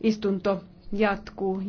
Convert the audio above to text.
Istunto jatkuu ja